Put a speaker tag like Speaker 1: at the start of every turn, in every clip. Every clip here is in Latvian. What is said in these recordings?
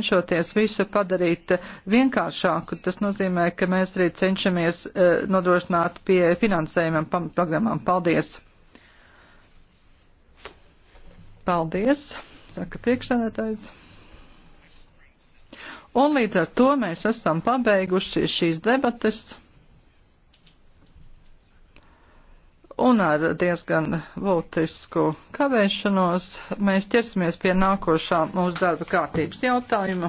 Speaker 1: cenšoties visu padarīt vienkāršāku. Tas nozīmē, ka mēs arī cenšamies eh, nodrošināt pie finansējumam programmām. Paldies! Paldies, saka priekšsēdētājs. Un līdz ar to mēs esam pabeiguši šīs debates. un ar diezgan būtisku kavēšanos mēs ķersimies pie nākošā mūsu darba kārtības jautājuma.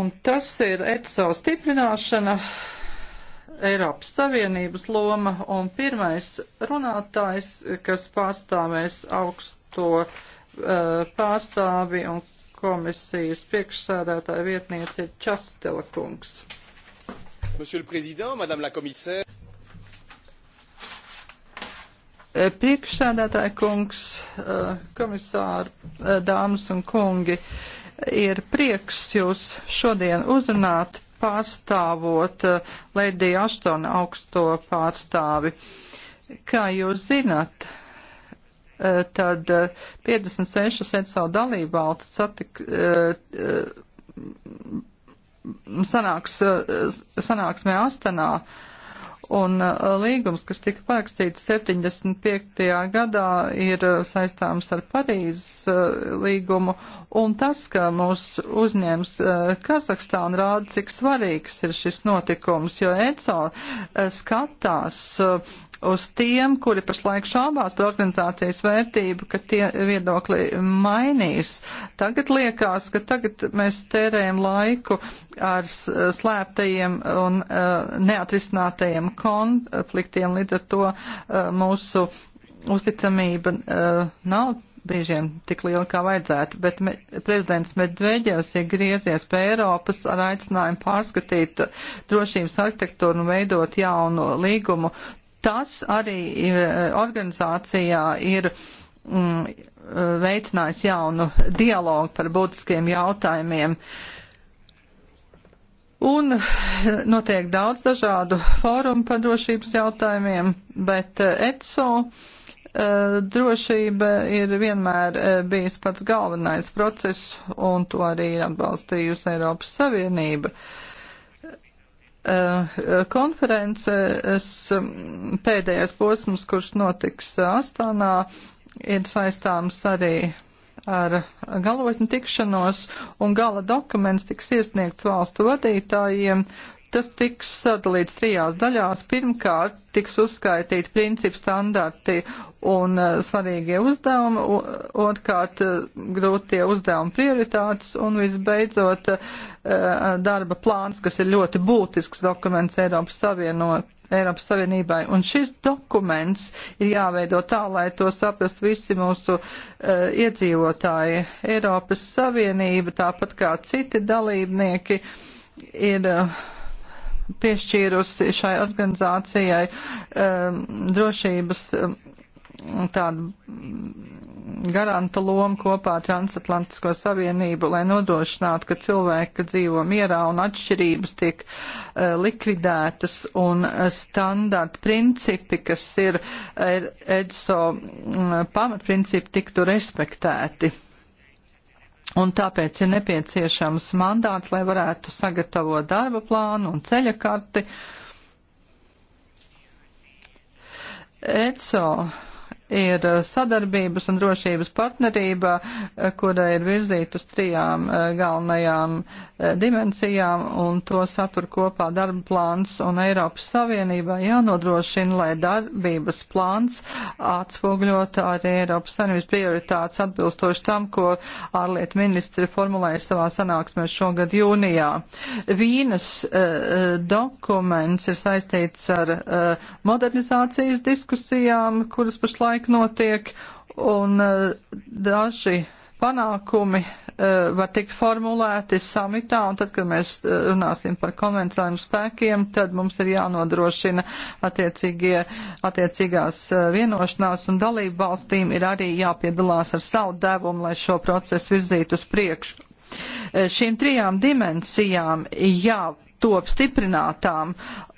Speaker 1: Un tas ir ECO stiprināšana, Eiropas Savienības loma un pirmais runātājs, kas pārstāvēs augsto uh, pārstāvi un komisijas priekšsēdētāja vietniece ir Častela kungs.
Speaker 2: Monsieur le Président, Madame la Komisāre.
Speaker 1: Eh, Priekšsēdētāja kungs, eh, komisāri, eh, dāmas un kungi, ir prieks jūs šodien uzrunāt pārstāvot Lēdija Aštona augsto pārstāvi. Kā jūs zinat, tad 56 ECO dalībvalsts satik, sanāks, eh, sanāksmē Astanā. Un eh, līgums, kas tika parakstīts 75. gadā, ir eh, saistāms ar Parīzes līgumu, un tas, ka mūs uzņēms Kazahstāna, rāda, cik svarīgs ir šis notikums, jo ECO skatās uz tiem, kuri pašlaik šaubās par organizācijas vērtību, ka tie viedokļi mainīs. Tagad liekas, ka tagad mēs tērējam laiku ar slēptajiem un uh, neatrisinātajiem konfliktiem, līdz ar to uh, mūsu uzticamība uh, nav brīžiem tik liela kā vajadzētu, bet me, prezidents Medveģevs ir griezies pie Eiropas ar aicinājumu pārskatīt drošības arhitektūru un veidot jaunu līgumu Tas arī e, organizācijā ir mm, e, veicinājis jaunu dialogu par būtiskiem jautājumiem. Un notiek daudz dažādu fórumu par drošības jautājumiem, bet e, ETSO drošība ir vienmēr bijis pats galvenais process, un to arī ir atbalstījusi Eiropas Savienība. Uh, Eh, konferences mm, pēdējais posms, kurš notiks eh, Astānā, ir saistāms arī ar galotņu tikšanos, un gala dokuments tiks iesniegts valstu vadītājiem Tas tiks sadalīts trijās daļās. Pirmkārt, tiks uzskaitīti principu standarti un uh, svarīgie uzdevumi, otrkārt, uh, grūtie uzdevumi prioritātes un visbeidzot uh, darba plāns, kas ir ļoti būtisks dokuments Eiropas Savienot. Eiropas Savienībai. Un šis dokuments ir jāveido tā, lai to saprast visi mūsu uh, iedzīvotāji. Eiropas Savienība, tāpat kā citi dalībnieki, ir uh, piešķīrusi šai organizācijai um, drošības um, tādu garanta lomu kopā Transatlantisko savienību, lai nodrošinātu, ka cilvēki dzīvo mierā un atšķirības tiek uh, likvidētas un uh, standarta principi, kas ir er, EDSO mm, pamatprincipi, tiktu respektēti. Un tāpēc ir nepieciešams mandāts, lai varētu sagatavot darba plānu un ceļa karti. ECO ir eh, sadarbības un drošības partnerība, eh, kura ir virzīta uz trijām eh, galvenajām dimensijām, un to satur kopā darba plāns, un Eiropas Savienībā jānodrošina, lai darbības plāns atspoguļot arī Eiropas Savienības prioritātes atbilstoši tam, ko ārlietu ministri formulēja savā sanāksmē šogad jūnijā. Vīnas uh, dokuments ir saistīts ar uh, modernizācijas diskusijām, kuras pašlaik pašlaik notiek, un eh, daži panākumi eh, var tikt formulēti samitā, un tad, kad mēs eh, runāsim par konvencionāliem spēkiem, tad mums ir jānodrošina attiecīgās vienošanās, un dalību valstīm ir arī jāpiedalās ar savu devumu, lai šo procesu virzītu uz priekšu. Šīm trijām dimensijām jā top stiprinātām,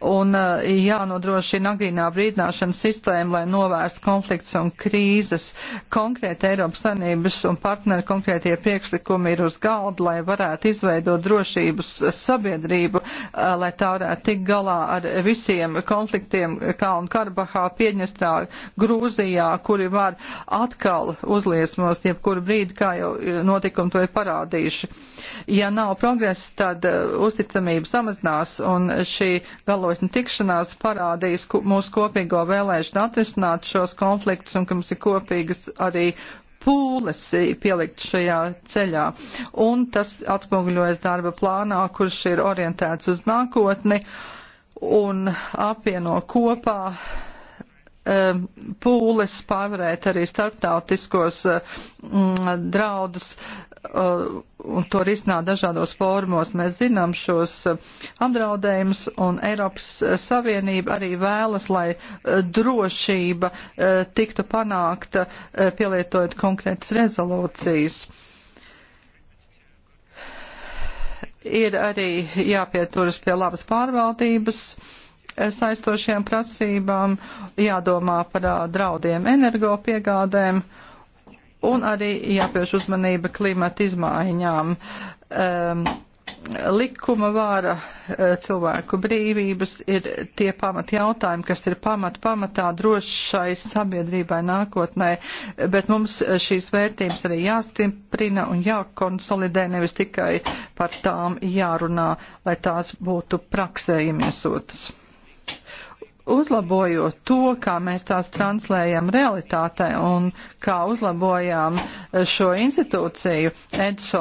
Speaker 1: un eh, jānodrošina agrīnā brīdināšana sistēma, lai novērstu konflikts un krīzes. Konkrēti Eiropas Sanības un partneri konkrētie priekšlikumi ir uz galda, lai varētu izveidot drošības sabiedrību, eh, lai tā varētu tik galā ar visiem konfliktiem Kalnu Karabahā, Piedņestrā, Grūzijā, kuri var atkal uzliesmos jebkuru brīdi, kā jau eh, notikumi to ir parādījuši. Ja nav progresa, tad uzticamība samazinās un šī galo galotņu tikšanās parādīs ku, mūsu kopīgo vēlēšanu atrisināt šos konfliktus un ka mums ir kopīgas arī pūles pielikt šajā ceļā. Un tas atspoguļojas darba plānā, kurš ir orientēts uz nākotni un apvieno kopā Um, pūles pārvarēt arī starptautiskos mm, draudus uh, un to risināt dažādos fórumos. Mēs zinām šos uh, apdraudējumus, un Eiropas uh, Savienība arī vēlas, lai drošība tiktu panākta, pielietojot konkrētas rezolūcijas. Ir arī jāpieturas pie labas pārvaldības saistošajām prasībām, jādomā par draudiem energopiegādēm un arī jāpievērš uzmanība klimata izmaiņām. Um, likuma vāra, cilvēku brīvības ir tie pamat jautājumi, kas ir pamat pamatā drošai sabiedrībai nākotnē, bet mums šīs vērtības arī jāstiprina un jākonsolidē, nevis tikai par tām jārunā, lai tās būtu praksē iemiesotas uzlabojot to, kā mēs tās translējam realitātē un kā uzlabojām eh, šo institūciju, EDSO,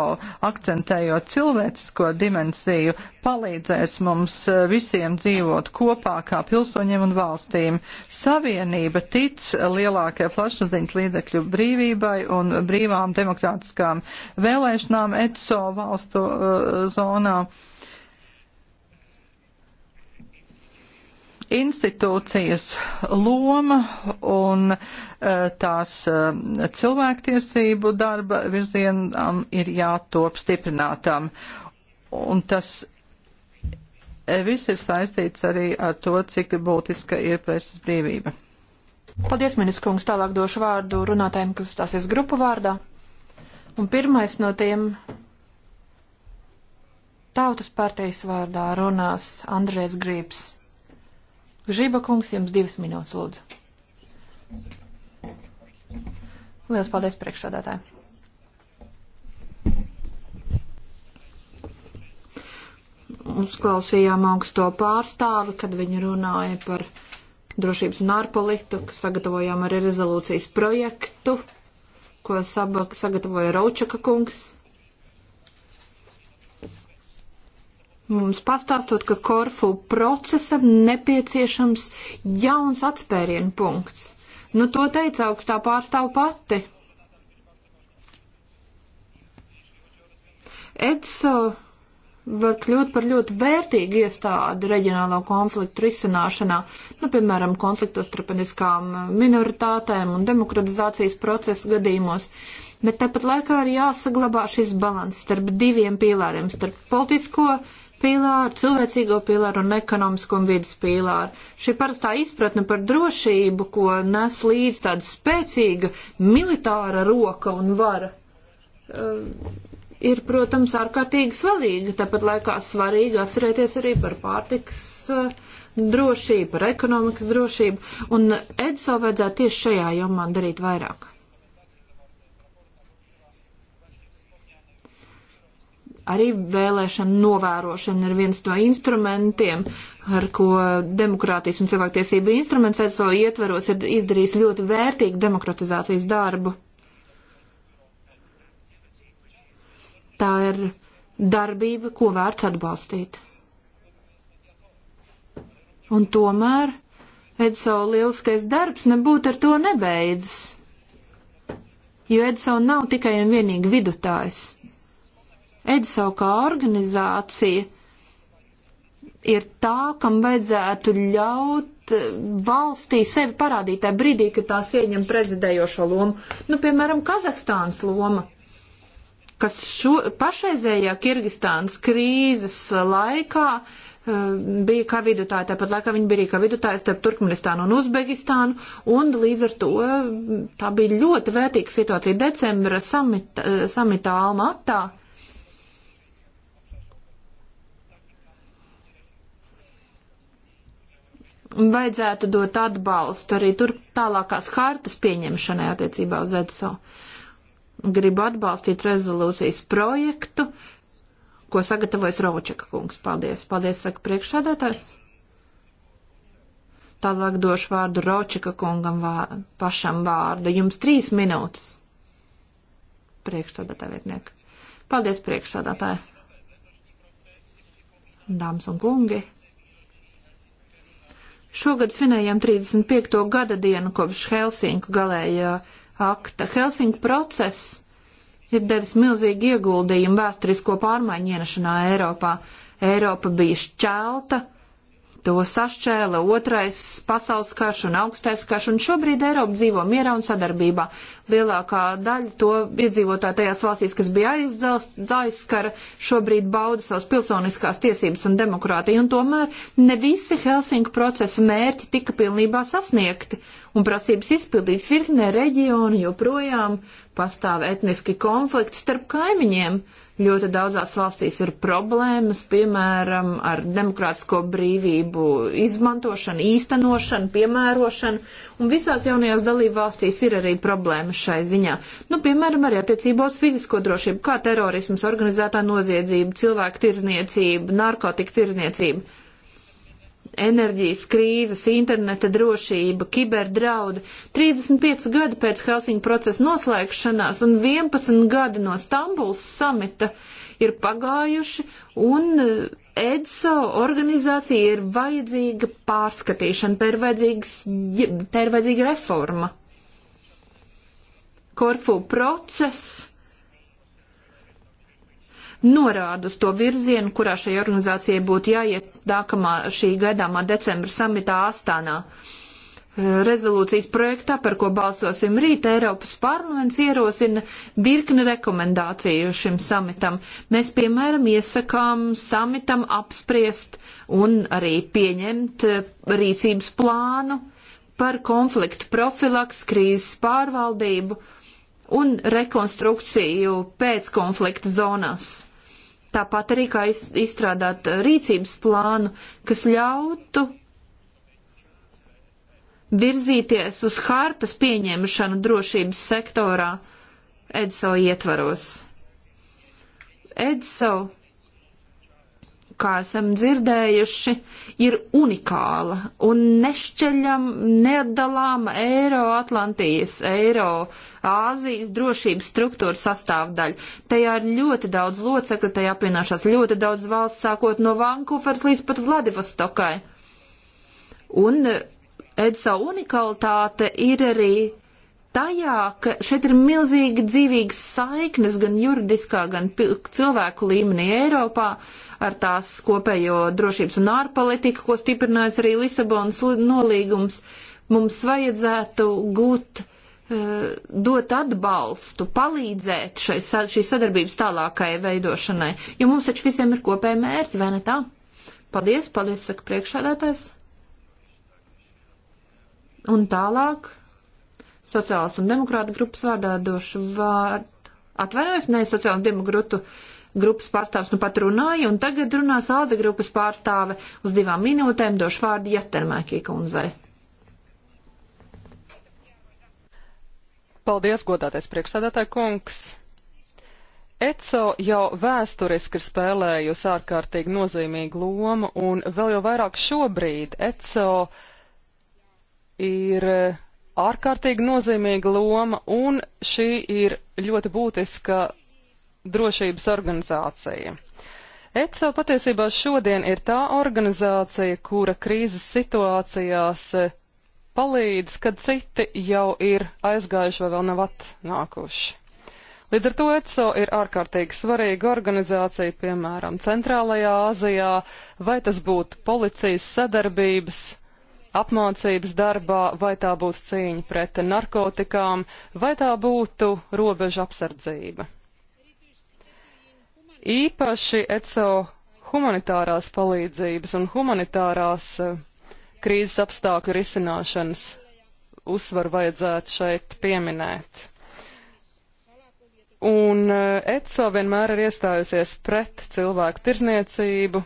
Speaker 1: akcentējot cilvēcisko dimensiju, palīdzēs mums eh, visiem dzīvot kopā kā pilsoņiem un valstīm. Savienība tic lielākajai plašsaziņas līdzekļu brīvībai un brīvām demokrātiskām vēlēšanām EDSO valstu uh, zonā. Uh, institūcijas loma un eh, tās eh, cilvēktiesību darba virzienam ir jātop stiprinātām. Un tas eh, viss ir saistīts arī ar to, cik būtiska ir preses
Speaker 2: brīvība. Paldies, ministrs kungs. Tālāk došu vārdu runātājiem, kas uzstāsies grupu vārdā. Un pirmais no tiem tautas partijas vārdā runās Andrēs Grības. Žiba kungs, jums divas minūtes lūdzu. Lielas paldies priekšsādātāji. Uzklausījām augsto pārstāvi, kad viņi runāja par drošības un ārpolitiku, sagatavojām arī rezolūcijas projektu, ko sagatavoja Raučaka kungs. mums pastāstot, ka Korfu procesam nepieciešams jauns atspērienu punkts. Nu, to teica augstā pārstāv pati. EDSO var kļūt par ļoti vērtīgu iestādi reģionālo konfliktu risināšanā, nu, piemēram, konfliktos starp etniskām minoritātēm un demokratizācijas procesu gadījumos bet tāpat laikā arī jāsaglabā šis balans starp diviem pīlāriem - starp politisko pīlāru, cilvēcīgo pīlāru un ekonomisko un vidas pīlāru. Šī parastā izpratne par drošību, ko nes līdz tāda spēcīga militāra roka un vara, eh, ir, protams, ārkārtīgi svarīga. Tāpat laikā svarīgi atcerēties arī par pārtiks eh, drošību, par ekonomikas drošību, un EDSO vajadzētu tieši šajā jomā darīt vairāk. Arī vēlēšana novērošana ir viens no instrumentiem, ar ko demokrātijas un cilvēktiesība instruments ECO ietveros ir izdarījis ļoti vērtīgu demokratizācijas darbu. Tā ir darbība, ko vērts atbalstīt. Un tomēr Edso lieliskais darbs nebūtu ar to nebeidzas, jo Edso nav tikai un vienīgi vidutājs. EDSO kā organizācija ir tā, kam vajadzētu ļaut eh, valstī sevi parādīt tajā brīdī, kad tās ieņem prezidējošo lomu. Nu, piemēram, Kazahstānas loma, kas šo, pašreizējā Kirgistānas krīzes laikā eh, bija kā vidutāja, tāpat laikā viņi bija kā vidutāja starp Turkmenistānu un Uzbekistānu, un līdz ar to eh, tā bija ļoti vērtīga situācija decembra samita, samitā Almatā. Samit vajadzētu dot atbalstu arī tur tālākās hartas pieņemšanai attiecībā uz ECO. Gribu atbalstīt rezolūcijas projektu, ko sagatavojas Rovočeka kungs. Paldies. Paldies, saka priekšsādātājs. Tālāk došu vārdu Ročeka kungam vārdu, pašam vārdu. Jums trīs minūtes. Priekšsādātāja vietnieka. Paldies, priekšsādātāja. Dāmas un kungi. Šogad svinējām 35. gada dienu kopš Helsinku galējā akta. Helsinku process ir devis milzīgi ieguldījumu vēsturisko pārmaiņu ienešanā Eiropā. Eiropa bija šķelta To sašķēla otrais pasaules karš un augstais karš, un šobrīd Eiropa dzīvo mierā un sadarbībā. Lielākā daļa to iedzīvotāji tajās valstīs, kas bija aizskara, šobrīd bauda savas pilsoniskās tiesības un demokrātiju, un tomēr ne visi Helsinku procesa mērķi tika pilnībā sasniegti, un prasības izpildīts virknē reģionu joprojām pastāv etniski konflikti starp kaimiņiem Ļoti daudzās valstīs ir problēmas, piemēram, ar demokrātisko brīvību izmantošanu, īstenošanu, piemērošanu, un visās jaunajās dalību valstīs ir arī problēmas šai ziņā. Nu, piemēram, arī attiecībā uz fizisko drošību, kā terorisms, organizētā noziedzība, cilvēku tirzniecība, narkotika tirzniecība enerģijas krīzes, interneta drošība, kiberdraudi, 35 gadi pēc Helsiņu procesa noslēgšanās un 11 gadi no Stambuls samita ir pagājuši, un eh, EDSO organizācija ir vajadzīga pārskatīšana, tā ir, tā ir vajadzīga reforma. Korfu process norāda uz to virzienu, kurā šai organizācijai būtu jāiet nākamā šī gaidāmā decembra samitā Astānā. Eh, rezolūcijas projektā, par ko balsosim rīt, Eiropas parlaments ierosina virkni rekomendāciju šim samitam. Mēs, piemēram, iesakām samitam apspriest un arī pieņemt eh, rīcības plānu par konfliktu profilaks, krīzes pārvaldību un rekonstrukciju pēc konflikta zonās. Tāpat arī kā izstrādāt eh, rīcības plānu, kas ļautu virzīties uz hartas pieņemšanu drošības sektorā EDSO ietvaros. EDSO kā esam dzirdējuši, ir unikāla un nešķeļam, neatdalāma Eiro-Atlantijas, Eiro-Āzijas drošības struktūra sastāvdaļa. Tajā ir ļoti daudz locekļu, tajā apvienošās ļoti daudz valsts, sākot no Vankūveras līdz pat Vladivostokai. Un e, Edsa unikalitāte ir arī tajā, ka šeit ir milzīgi dzīvīgas saiknes gan juridiskā, gan cilvēku līmenī Eiropā ar tās kopējo drošības un ārpolitiku, ko stiprinājis arī Lisabonas nolīgums. Mums vajadzētu gūt, eh, dot atbalstu, palīdzēt šai, šīs sadarbības tālākai veidošanai, jo mums taču visiem ir kopēji mērķi, vai ne tā? Paldies, paldies, saka priekšādātājs. Un tālāk Sociālas un demokrāta grupas vārdā došu vārdu. Atvainojos, ne sociāla un demokrātu grupas pārstāvs nu pat runāja, un tagad runās Alde grupas pārstāve uz divām minūtēm došu vārdu Jatermēkī kundzei.
Speaker 3: Paldies, godātais priekšsēdētāji kungs! ECO jau vēsturiski ir spēlējusi ārkārtīgi nozīmīgu lomu, un vēl jau vairāk šobrīd ECO ir ārkārtīgi nozīmīga loma, un šī ir ļoti būtiska drošības organizācija. ECO patiesībā šodien ir tā organizācija, kura krīzes situācijās palīdz, kad citi jau ir aizgājuši vai vēl nav atnākuši. Līdz ar to ECO ir ārkārtīgi svarīga organizācija, piemēram, Centrālajā Āzijā, vai tas būtu policijas sadarbības apmācības darbā, vai tā būtu cīņa pret narkotikām, vai tā būtu robeža apsardzība. Īpaši ECO humanitārās palīdzības un humanitārās eh, krīzes apstākļu risināšanas uzsvaru vajadzētu šeit pieminēt. Un eh, ECO vienmēr ir iestājusies pret cilvēku tirzniecību,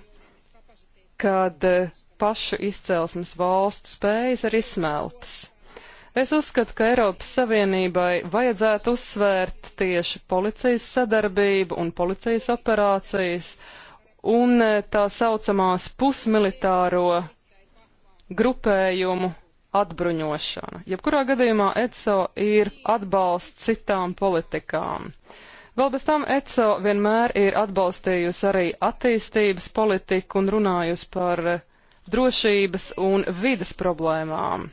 Speaker 3: kad eh, pašu izcelsmes valstu spējas ir izsmeltas. Es uzskatu, ka Eiropas Savienībai vajadzētu uzsvērt tieši policijas sadarbību un policijas operācijas un eh, tā saucamās pusmilitāro grupējumu atbruņošana. Jebkurā gadījumā ECO ir atbalsts citām politikām. Vēl bez tam ECO vienmēr ir atbalstījusi arī attīstības politiku un runājusi par uh, drošības un vidas problēmām.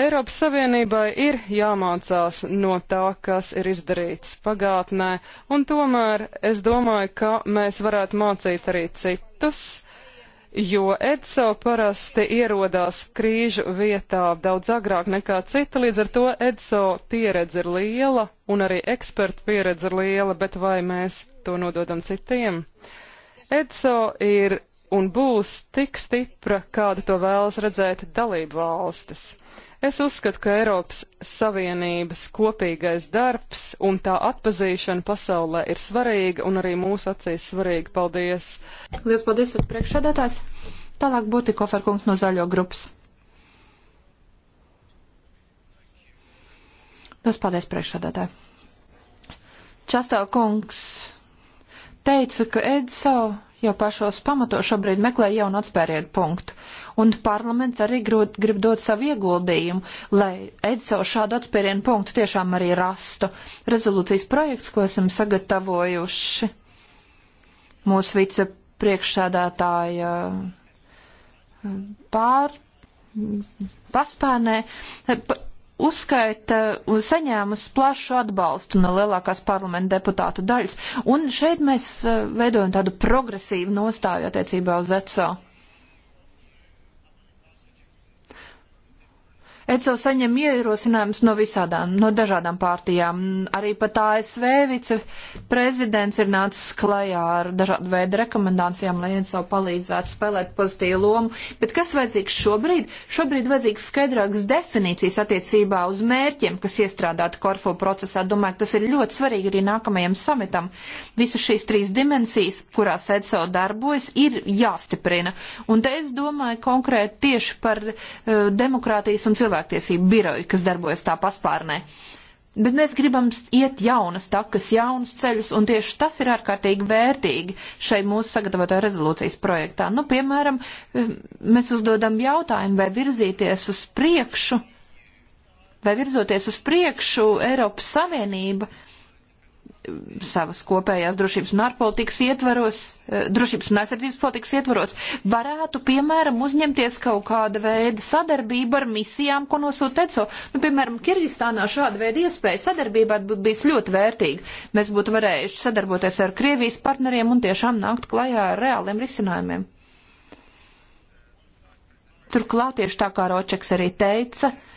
Speaker 3: Eiropas Savienībai ir jāmācās no tā, kas ir izdarīts pagātnē, un tomēr es domāju, ka mēs varētu mācīt arī citus, jo ECO parasti ierodās krīžu vietā daudz agrāk nekā cita, līdz ar to ECO pieredze ir liela, un arī ekspertu pieredze ir liela, bet vai mēs to nododam citiem? ECO ir un būs tik stipra, kāda to vēlas redzēt dalību valstis. Es uzskatu, ka Eiropas Savienības kopīgais darbs un tā atpazīšana pasaulē ir svarīga un arī mūsu acīs svarīga. Paldies!
Speaker 2: Lielas paldies, priekšsēdētājs! Tālāk būtu koferkungs no zaļo grupas. Lielas paldies, priekšsēdētāji! Častāl kungs! teica, ka EDSO jau pašos pamatos šobrīd meklē jaunu atspērienu punktu, un parlaments arī grod, grib dot savu ieguldījumu, lai EDSO šādu atspērienu punktu tiešām arī rastu. Rezolūcijas projekts, ko esam sagatavojuši, mūsu vicepriekšsādātāja eh, pār paspēnē. Pa, uzskaita uz saņēmus plašu atbalstu no lielākās parlamenta deputātu daļas, un šeit mēs eh, veidojam tādu progresīvu nostāju attiecībā uz ECO. ECO saņem ierosinājumus no visādām, no dažādām pārtījām. Arī pat ASV viceprezidents ir nācis klajā ar dažādu veidu rekomendācijām, lai ECO palīdzētu spēlēt pozitīvu lomu. Bet kas vajadzīgs šobrīd? Šobrīd vajadzīgs skaidrākas definīcijas attiecībā uz mērķiem, kas iestrādāti Korfu procesā. Domāju, tas ir ļoti svarīgi arī nākamajam samitam. Visas šīs trīs dimensijas, kurās ECO darbojas, ir jāstiprina. Un te es domāju konkrēti tieši par uh, demokrātijas un cilvēku cilvēktiesību biroju, kas darbojas tā paspārnē. Bet mēs gribam iet jaunas takas, jaunus ceļus, un tieši tas ir ārkārtīgi vērtīgi šai mūsu sagatavotā rezolūcijas projektā. Nu, piemēram, mēs uzdodam jautājumu, vai virzīties uz priekšu, vai virzoties uz priekšu Eiropas Savienība uh, savas kopējās drošības un ārpolitikas ietvaros, eh, drošības un aizsardzības politikas ietvaros, varētu, piemēram, uzņemties kaut kāda veida sadarbību ar misijām, ko nosūta ECO. Nu, piemēram, Kirgistānā šāda veida iespēja sadarbībā būtu bijis ļoti vērtīga. Mēs būtu varējuši sadarboties ar Krievijas partneriem un tiešām nākt klajā ar reāliem risinājumiem. Turklāt, tieši tā kā Ročeks arī teica, uh,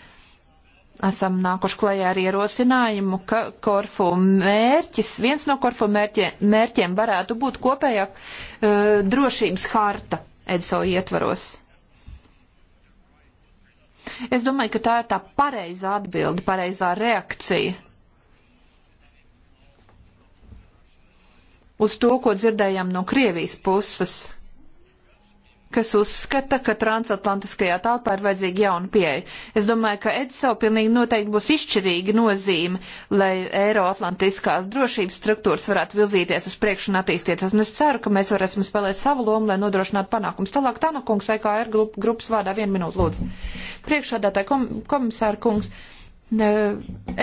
Speaker 2: esam nākuši klajā ar ierosinājumu, ka Korfu mērķis, viens no Korfu mērķiem, mērķiem varētu būt kopējā uh, drošības harta EDSO ietvaros. Es domāju, ka tā ir tā pareizā atbilde, pareizā reakcija uz to, ko dzirdējām no Krievijas puses kas uzskata, ka transatlantiskajā telpā ir vajadzīga jauna pieeja. Es domāju, ka EDSO pilnīgi noteikti būs izšķirīga nozīme, lai Eiroatlantiskās drošības struktūras varētu vilzīties uz priekšu un attīstīties. Un es ceru, ka mēs varēsim spēlēt savu lomu, lai nodrošinātu panākums. Tālāk Tanakungs, EKR grupas vārdā, vienu minūtu lūdzu. Priekšādātāji komisāra kungs.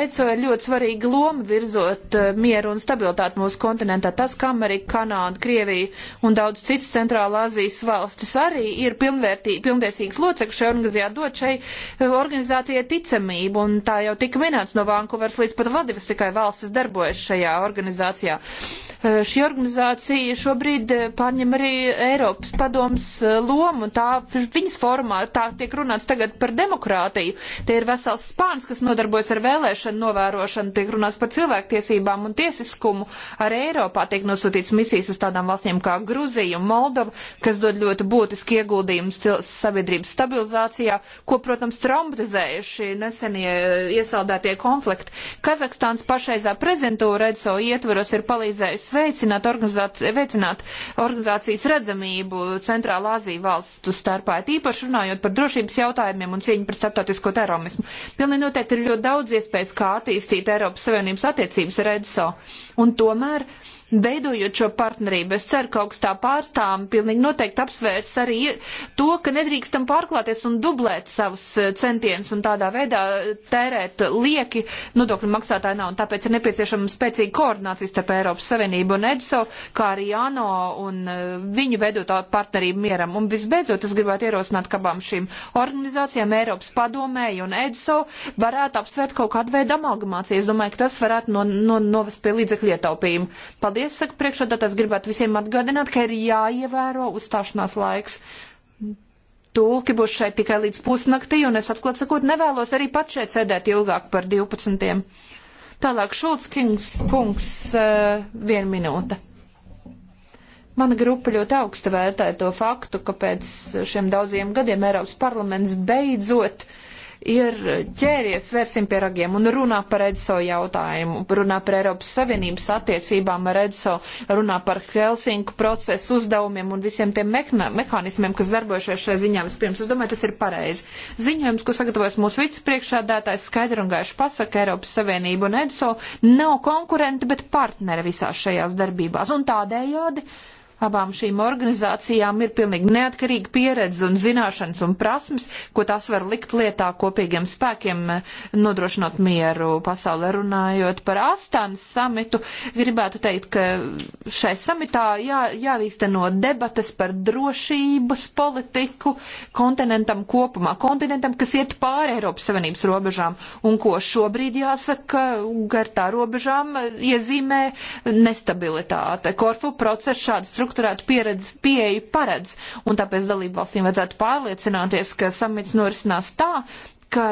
Speaker 2: ECO ir ļoti svarīga loma virzot eh, mieru un stabilitāti mūsu kontinentā. Tas, ka Amerika, Kanāda, Krievija un daudz citas centrāla Azijas valstis arī ir pilnvērtīgas locekļi šajā organizācijā, dod šai eh, organizācijai ticamību. Un tā jau tika minēts no Vankūveras līdz pat Vladivostikai valstis darbojas šajā organizācijā. Uh, Eh, šī organizācija šobrīd eh, pārņem arī Eiropas padomas eh, lomu. Tā, viņas formā tā tiek runāts tagad par demokrātiju. Tie ir vesels spāns, kas nodarbojas ar vēlēšanu novērošanu, tiek runāts par cilvēktiesībām un tiesiskumu. Arī Eiropā tiek nosūtīts misijas uz tādām valstīm kā Gruzija un Moldova, kas dod ļoti būtiski ieguldījumus sabiedrības stabilizācijā, ko, protams, traumatizējuši nesenie iesaldētie konflikti. Kazahstāns pašreizā prezidentūra EDSO ietvaros ir palīdzējusi veicināt, organizāc veicināt organizācijas redzamību Centrālā Azija valstu starpā, tīpaši runājot par drošības jautājumiem un cīņu pret starptautisko terorismu. Pilnīgi noteikti ir ļoti daudz iespējas, kā attīstīt Eiropas Savienības attiecības ar EDSO. Un tomēr. Uh, veidojot šo partnerību. Es ceru, ka augstā pārstāvam pilnīgi noteikti apsvērs arī to, ka nedrīkstam pārklāties un dublēt savus eh, centienus un tādā veidā tērēt lieki nodokļu maksātāju nav. Un tāpēc ir nepieciešama spēcīga koordinācija starp Eiropas Savienību un EDSO, kā arī ANO un eh, viņu veidotā partnerību mieram. Un visbeidzot, es gribētu ierosināt, ka abām šīm organizācijām Eiropas padomēji un EDSO varētu apsvērt kaut kādu veidu amalgamāciju. Es domāju, ka tas varētu no, no, novest pie līdzekļu ietaupījumu. Paldies! Paldies, saka priekšādātājs, gribētu visiem atgādināt, ka ir jāievēro uzstāšanās laiks. Tulki būs šeit tikai līdz pusnaktī, un es atklāt sakot, nevēlos arī pat šeit sēdēt ilgāk par 12. Tālāk Šulc Kings, kungs, eh, viena minūte. Mana grupa ļoti augsta vērtē to faktu, ka pēc šiem daudziem gadiem Eiropas parlaments beidzot uh, ir ķēries, vērsim pie ragiem un runā par EDSO jautājumu, runā par Eiropas Savienības attiecībām ar EDSO, runā par Helsinku procesu uzdevumiem un visiem tiem mehānismiem, kas darbojušies šajā ziņā vispirms. Es domāju, tas ir pareizi. Ziņojums, ko sagatavojas mūsu vicepriekšādātājs, skaidri un gaiši pasaka, Eiropas Savienība un EDSO nav konkurenti, bet partneri visās šajās darbībās. Un tādējādi Abām šīm organizācijām ir pilnīgi neatkarīga pieredze un zināšanas un prasmes, ko tās var likt lietā kopīgiem spēkiem, eh, nodrošinot mieru pasaulē. Runājot par Astanas samitu, gribētu teikt, ka šai samitā jā, jāvīsteno debatas par drošības politiku kontinentam kopumā, kontinentam, kas iet pāri Eiropas Savienības robežām un ko šobrīd jāsaka, gar tā robežām iezīmē nestabilitāte. Korfu process šādas struktūras struktūrētu pieredzi, pieeju paredz, un tāpēc dalību valstīm vajadzētu pārliecināties, ka samits norisinās tā, ka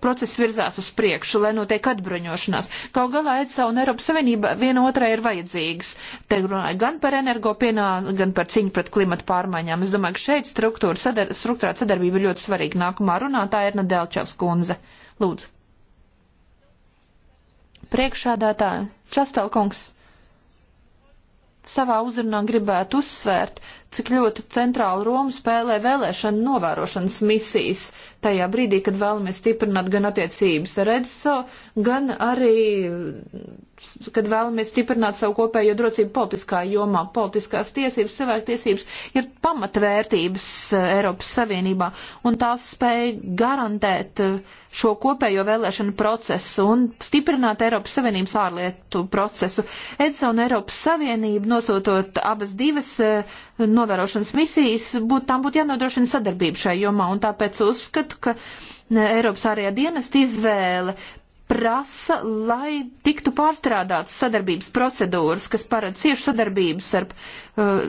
Speaker 2: process virzās uz priekšu, lai notiek atbruņošanās. Kaut galā ECA un Eiropas Savienība viena otrai ir vajadzīgas. Te runāja gan par energo pienā, gan par cīņu pret klimatu pārmaiņām. Es domāju, ka šeit struktūra sadar struktūrāta sadarbība ir ļoti svarīga. Nākamā runātāja ir Nadelčās kundze. Lūdzu. Priekšādātāja Častelkungs savā uzrunā gribētu uzsvērt, cik ļoti centrāla Roma spēlē vēlēšana novērošanas misijas tajā brīdī, kad vēlamies stiprināt gan attiecības ar EDSO, gan arī, kad vēlamies stiprināt savu kopējo drocību politiskā jomā. Politiskās tiesības, cilvēktiesības ir pamatvērtības eh, Eiropas Savienībā, un tās spēja garantēt uh, šo kopējo vēlēšanu procesu un stiprināt Eiropas Savienības ārlietu procesu. EDSA un Eiropas Savienība nosūtot abas divas eh, novērošanas misijas, būt, tam būtu jānodrošina sadarbība šai jomā, un tāpēc uzskatu, ka Eiropas ārējā dienesta izvēle prasa, lai tiktu pārstrādātas sadarbības procedūras, kas paredz ciešu sadarbību starp uh,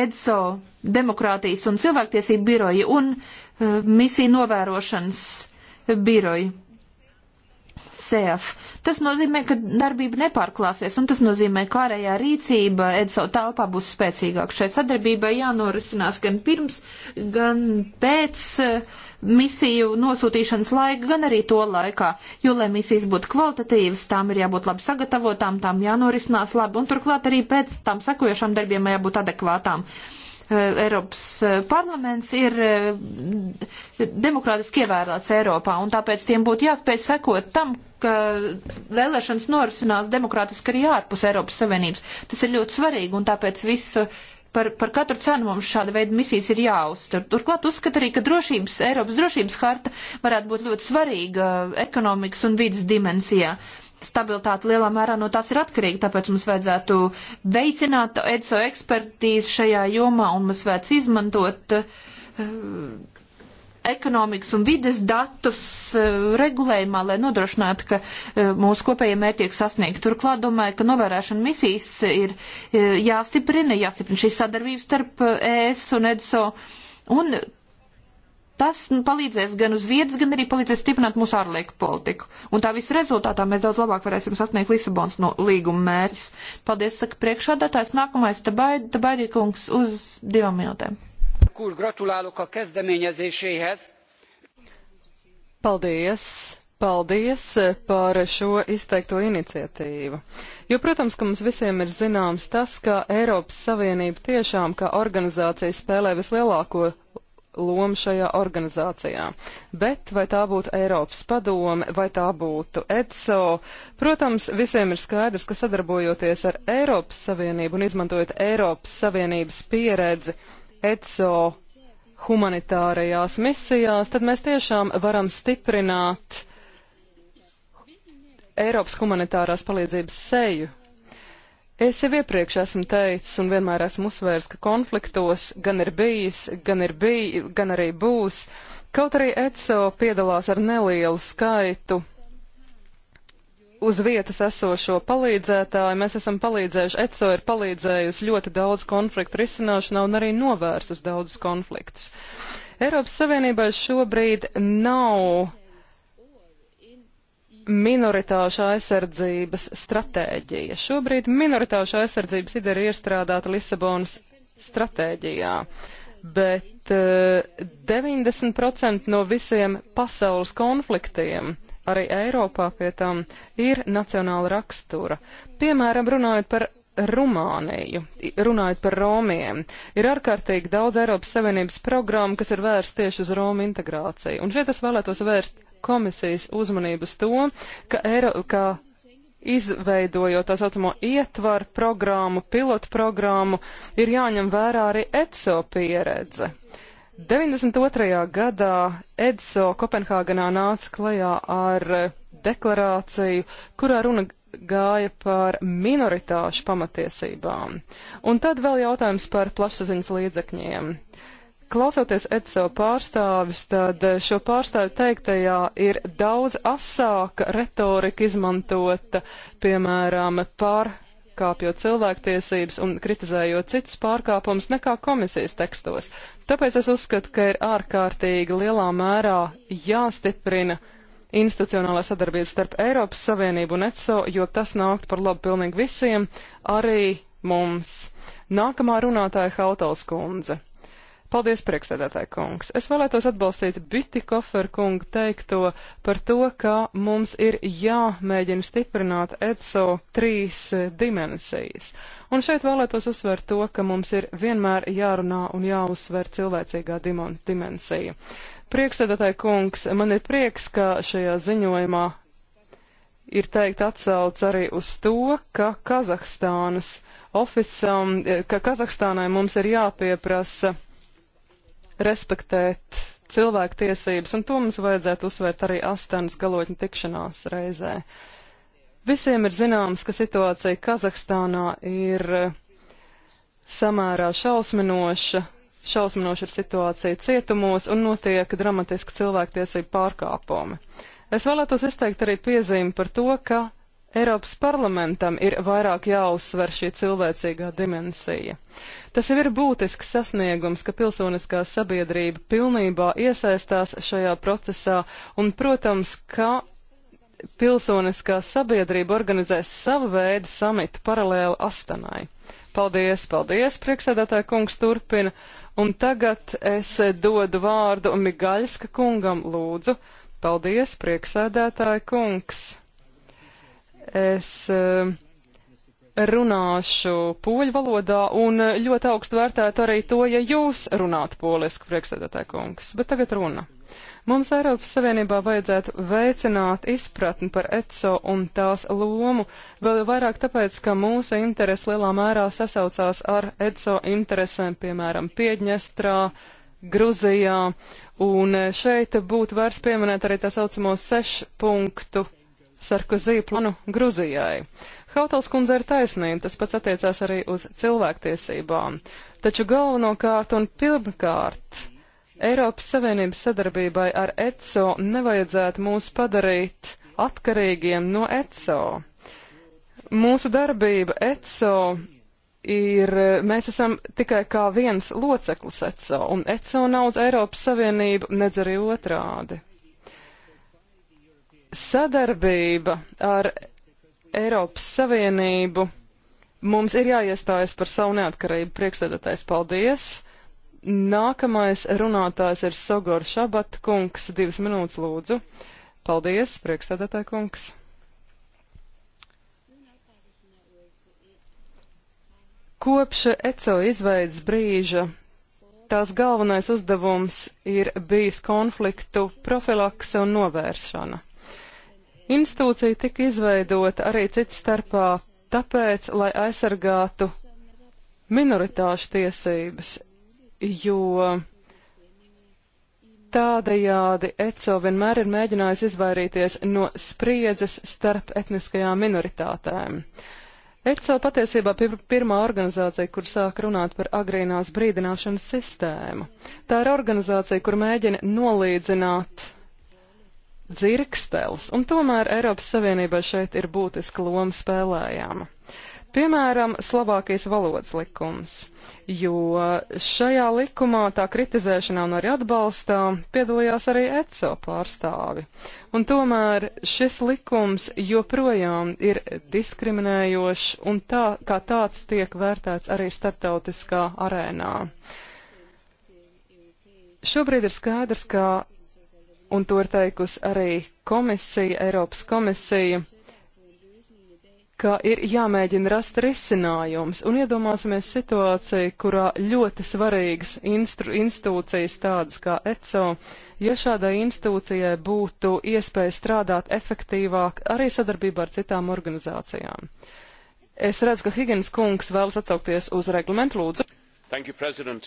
Speaker 2: EDSO demokrātijas un cilvēktiesību biroju un uh, misiju novērošanas biroji. SEAF. Tas nozīmē, ka darbība nepārklāsies, un tas nozīmē, ka ārējā rīcība EDSO telpā būs spēcīgāka. Šai sadarbībai jānorisinās gan pirms, gan pēc uh, misiju nosūtīšanas laika, gan arī to laikā, jo, lai misijas būtu kvalitatīvas, tām ir jābūt labi sagatavotām, tām jānorisinās labi, un turklāt arī pēc tam sekojošām darbiem jābūt adekvātām. Eh, Eiropas eh, parlaments ir eh, demokrātiski ievēlēts Eiropā, un tāpēc tiem būtu jāspēj sekot tam, ka vēlēšanas norisinās demokrātiski arī ārpus Eiropas Savienības. Tas ir ļoti svarīgi, un tāpēc visu par, par katru cenu mums šāda veida misijas ir jāuztur. Turklāt uzskat arī, ka drošības, Eiropas drošības harta varētu būt ļoti svarīga ekonomikas un vidas dimensijā. Uh, stabilitāte lielā mērā no tās ir atkarīga, tāpēc mums vajadzētu veicināt EDSO ekspertīzi šajā jomā un mums vajadz izmantot uh, ekonomikas un vides datus uh, regulējumā, lai nodrošinātu, ka uh, mūsu kopējie mērķi tiek sasniegti. Turklāt domāju, ka novērošana misijas ir jāstiprina, jāstiprina šī sadarbības starp ES un EDSO. Un Tas nu, palīdzēs gan uz vietas, gan arī palīdzēs stiprināt mūsu ārlieku politiku. Un tā visa rezultātā mēs daudz labāk varēsim sasniegt Lisabons no līguma mērķus. Paldies, saka priekšādātājs. Nākamais tabaid, Tabaidīkungs uz divām minūtēm.
Speaker 3: Kur gratulálok a kezdeményezéséhez. Paldies! Paldies par šo izteikto iniciatīvu. Jo, protams, ka mums visiem ir zināms tas, ka Eiropas Savienība tiešām kā organizācija spēlē vislielāko loma šajā organizācijā. Bet vai tā būtu Eiropas padome vai tā būtu EDSO, protams, visiem ir skaidrs, ka sadarbojoties ar Eiropas Savienību un izmantojot Eiropas Savienības pieredzi EDSO humanitārajās misijās, tad mēs tiešām varam stiprināt Eiropas humanitārās palīdzības seju Es jau iepriekš esmu teicis un vienmēr esmu uzsvērs, ka konfliktos gan ir bijis, gan, ir bij, gan arī būs. Kaut arī ECO piedalās ar nelielu skaitu uz vietas esošo palīdzētāju, mēs esam palīdzējuši, ECO ir palīdzējusi ļoti daudz konfliktu risināšanā un arī novērsus daudzus konfliktus. Eiropas Savienībai šobrīd nav minoritāšu aizsardzības stratēģija. Šobrīd minoritāšu aizsardzības ideja ir iestrādāta Lisabonas stratēģijā, bet uh, eh, 90% no visiem pasaules konfliktiem arī Eiropā pie tam ir nacionāla rakstura. Piemēram, runājot par Rumāniju, runājot par Romiem, ir ārkārtīgi daudz Eiropas Savienības programmu, kas ir vērsts tieši uz Romu integrāciju. Un šeit es vēlētos vērst komisijas uzmanību uz to, ka, Eiro, ka izveidojot tā saucamo ietvaru programmu, pilotu programmu, ir jāņem vērā arī ECO pieredze. 92. gadā EDSO Kopenhāgenā nāca klajā ar deklarāciju, kurā runa gāja par minoritāšu pamatiesībām. Un tad vēl jautājums par plašsaziņas līdzekļiem. Uh, Klausoties ECO pārstāvis, tad šo pārstāvi teiktajā ir daudz asāka retorika izmantota, piemēram, pārkāpjot cilvēktiesības un kritizējot citus pārkāpumus nekā komisijas tekstos. Tāpēc es uzskatu, ka ir ārkārtīgi lielā mērā jāstiprina institucionālā sadarbība starp Eiropas Savienību un ECO, jo tas nākt par labu pilnīgi visiem, arī mums. Nākamā runātāja Hautals kundze. Paldies, priekšsēdētāji kungs. Es vēlētos atbalstīt Bitikofer kungu teikto par to, ka mums ir jāmēģina stiprināt ECO trīs dimensijas. Un šeit vēlētos uzsvērt to, ka mums ir vienmēr jārunā un jāuzsver cilvēcīgā dimensija. Priekšsēdētāji kungs, man ir prieks, ka šajā ziņojumā ir teikt atsauc arī uz to, ka Kazahstānas oficiālam, um, ka Kazahstānai mums ir jāpieprasa respektēt cilvēktiesības, un to mums vajadzētu uzsvērt arī Astanas galotņu tikšanās reizē. Visiem ir zināms, ka situācija Kazahstānā ir eh, samērā šausminoša, šausminoša ir situācija cietumos un notiek dramatiski cilvēktiesību pārkāpumi. Es vēlētos izteikt arī piezīmi par to, ka Eiropas parlamentam ir vairāk jāuzsver šī cilvēcīgā dimensija. Tas jau ir būtisks sasniegums, ka pilsoniskā sabiedrība pilnībā iesaistās šajā procesā, un, protams, ka pilsoniskā sabiedrība organizēs savu veidu samitu paralēli Astanai. Paldies, paldies, priekšsēdētāja kungs turpina, un tagad es dodu vārdu Migaļska kungam lūdzu. Paldies, priekšsēdētāja kungs! Es eh, runāšu poļu valodā un eh, ļoti augstu vērtētu arī to, ja jūs runātu poliski, priekšsēdētāj kungs. Bet tagad runa. Mums Eiropas Savienībā vajadzētu veicināt izpratni par ECO un tās lomu, vēl vairāk tāpēc, ka mūsu interesi lielā mērā sasaucās ar ECO interesēm, piemēram, Piedņestrā, Gruzijā, un eh, šeit būtu vairs pieminēt arī tā saucamo sešu punktu Sarkozī planu Gruzijai. Hautals kundze ir taisnība, tas pats attiecās arī uz cilvēktiesībām. Taču galvenokārt un pirmkārt Eiropas Savienības sadarbībai ar ECO nevajadzētu mūs padarīt atkarīgiem no ECO. Mūsu darbība ECO ir, mēs esam tikai kā viens loceklis ECO, un ECO nav uz Eiropas Savienību, nedz arī otrādi sadarbība ar Eiropas Savienību. Mums ir jāiestājas par savu neatkarību. Priekšsēdētājs, paldies! Nākamais runātājs ir Sogor Šabat kungs. Divas minūtes lūdzu. Paldies, priekšsēdētāj kungs! Kopš ECO izveidas brīža tās galvenais uzdevums ir bijis konfliktu profilakse un novēršana. Institūcija tika izveidota arī citu starpā tāpēc, lai aizsargātu minoritāšu tiesības, jo tādajādi ECO vienmēr ir mēģinājis izvairīties no spriedzes starp etniskajām minoritātēm. ECO patiesībā bija pirmā organizācija, kur sāka runāt par agrīnās brīdināšanas sistēmu. Tā ir organizācija, kur mēģina nolīdzināt dzirkstels, un tomēr Eiropas Savienībai šeit ir būtiska loma spēlējama. Piemēram, Slovākijas valodas likums, jo šajā likumā tā kritizēšanā un arī atbalstā piedalījās arī ECO pārstāvi. Un tomēr šis likums joprojām ir diskriminējošs un tā, kā tāds tiek vērtēts arī starptautiskā arēnā. Šobrīd ir skaidrs, ka un to ir teikusi arī komisija, Eiropas komisija, ka ir jāmēģina rast risinājums un iedomāsimies situāciju, kurā ļoti svarīgas institūcijas tādas kā ECO, ja šādai institūcijai būtu iespēja strādāt efektīvāk arī sadarbībā ar citām organizācijām. Es redzu, ka Higgins kungs vēlas atsaukties uz reglamentu lūdzu. You,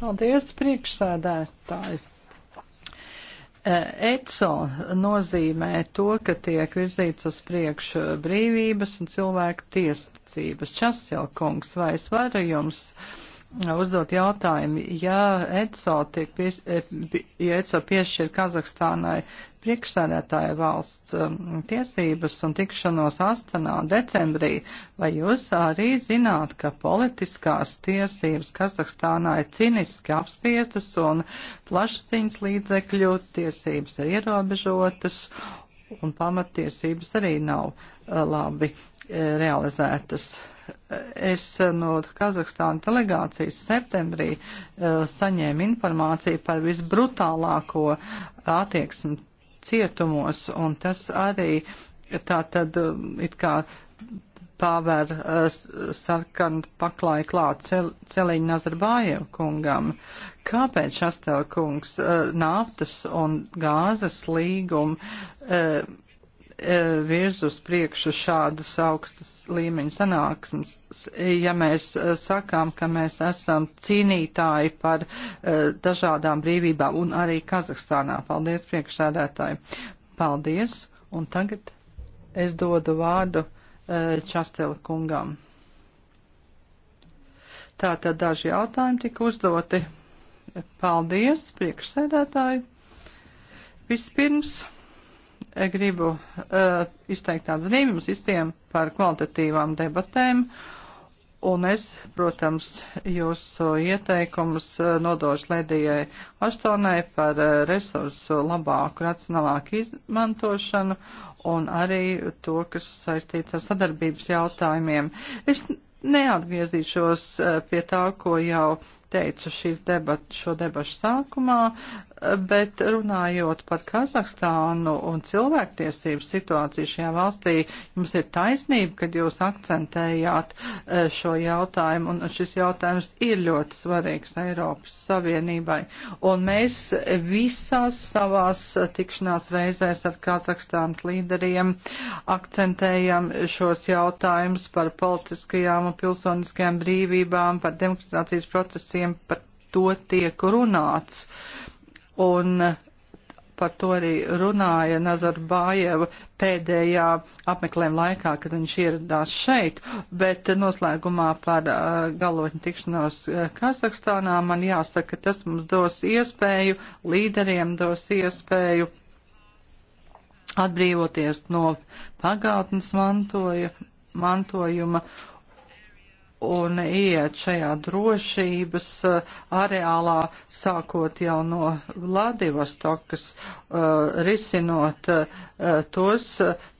Speaker 1: Paldies, priekšsēdētāji! ECO nozīmē to, ka tiek virzīts uz priekšu brīvības un cilvēku tiesacības. Časjel kungs, vai es varu jums uh, uzdot jautājumu, ja ECO, tiek pies, eh, ja ECO piešķir Kazahstānai priekšsēdētāja valsts um, tiesības un tikšanos Astanā decembrī, vai jūs arī zināt, ka politiskās tiesības Kazahstānā ir ciniski apspiestas un plašsaziņas līdzekļu tiesības ir ierobežotas un pamatiesības arī nav uh, labi eh, realizētas es eh, no Kazahstāna delegācijas septembrī eh, saņēmu informāciju par visbrutālāko attieksmi cietumos, un tas arī eh, tā tad it kā pāver sarkan paklāja klāt cel, celiņu Nazarbājev kungam. Kāpēc Šastel kungs naftas un gāzes līguma E, virz uz priekšu šādas augstas līmeņa sanāksmes. Ja mēs e, sakām, ka mēs esam cīnītāji par e, dažādām brīvībām un arī Kazahstānā. Paldies, priekšsēdētāji. Paldies. Un tagad es dodu vārdu Častela kungam. Tātad daži jautājumi tika uzdoti. Paldies, priekšsēdētāji. Vispirms gribu uh, izteikt atzinību visiem par kvalitatīvām debatēm. Un es, protams, jūsu ieteikumus uh, nodošu Ledijai Aštonai par uh, resursu labāku, racionālāku izmantošanu un arī to, kas saistīts ar sadarbības jautājumiem. Es neatgriezīšos pie tā, ko jau teicu šīs debat, šo debašu sākumā, bet runājot par Kazahstānu un cilvēktiesību situāciju šajā valstī, jums ir taisnība, kad jūs akcentējāt eh, šo jautājumu, un šis jautājums ir ļoti svarīgs Eiropas Savienībai. Un mēs visās savās tikšanās reizēs ar Kazahstānas līderiem akcentējam šos jautājumus par politiskajām un pilsoniskajām brīvībām, par demokratizācijas procesiem gadiem par to tiek runāts. Un par to arī runāja Nazarbājeva pēdējā apmeklējuma laikā, kad viņš ieradās šeit, bet noslēgumā par uh, galotņu tikšanos uh, Kazahstānā man jāsaka, ka tas mums dos iespēju, līderiem dos iespēju atbrīvoties no pagātnes mantoja, mantojuma un iet šajā drošības uh, areālā, sākot jau no Vladivostokas, uh, risinot uh, tos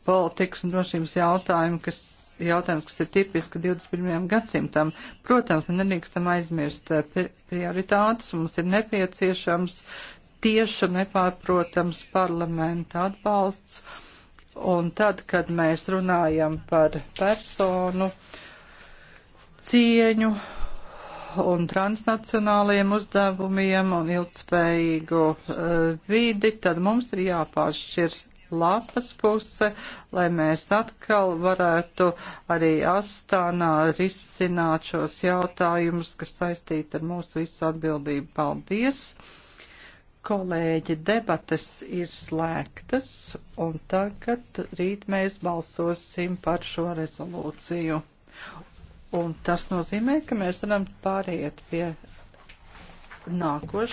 Speaker 1: politikas un drošības jautājumus, kas jautājums, kas ir tipiski 21. gadsimtam. Protams, nedrīkstam aizmirst prioritātes, mums ir nepieciešams tieši nepārprotams parlamenta atbalsts. Un tad, kad mēs runājam par personu, uh, cieņu un transnacionāliem uzdevumiem un ilgspējīgu uh, vidi, tad mums ir jāpāršķir lapas puse, lai mēs atkal varētu arī astānā risināt šos jautājumus, kas saistīti ar mūsu visu atbildību. Paldies! Kolēģi, debates ir slēgtas, un tagad rīt mēs balsosim par šo rezolūciju. Un tas nozīmē, ka mēs varam pāriet pie nākošais.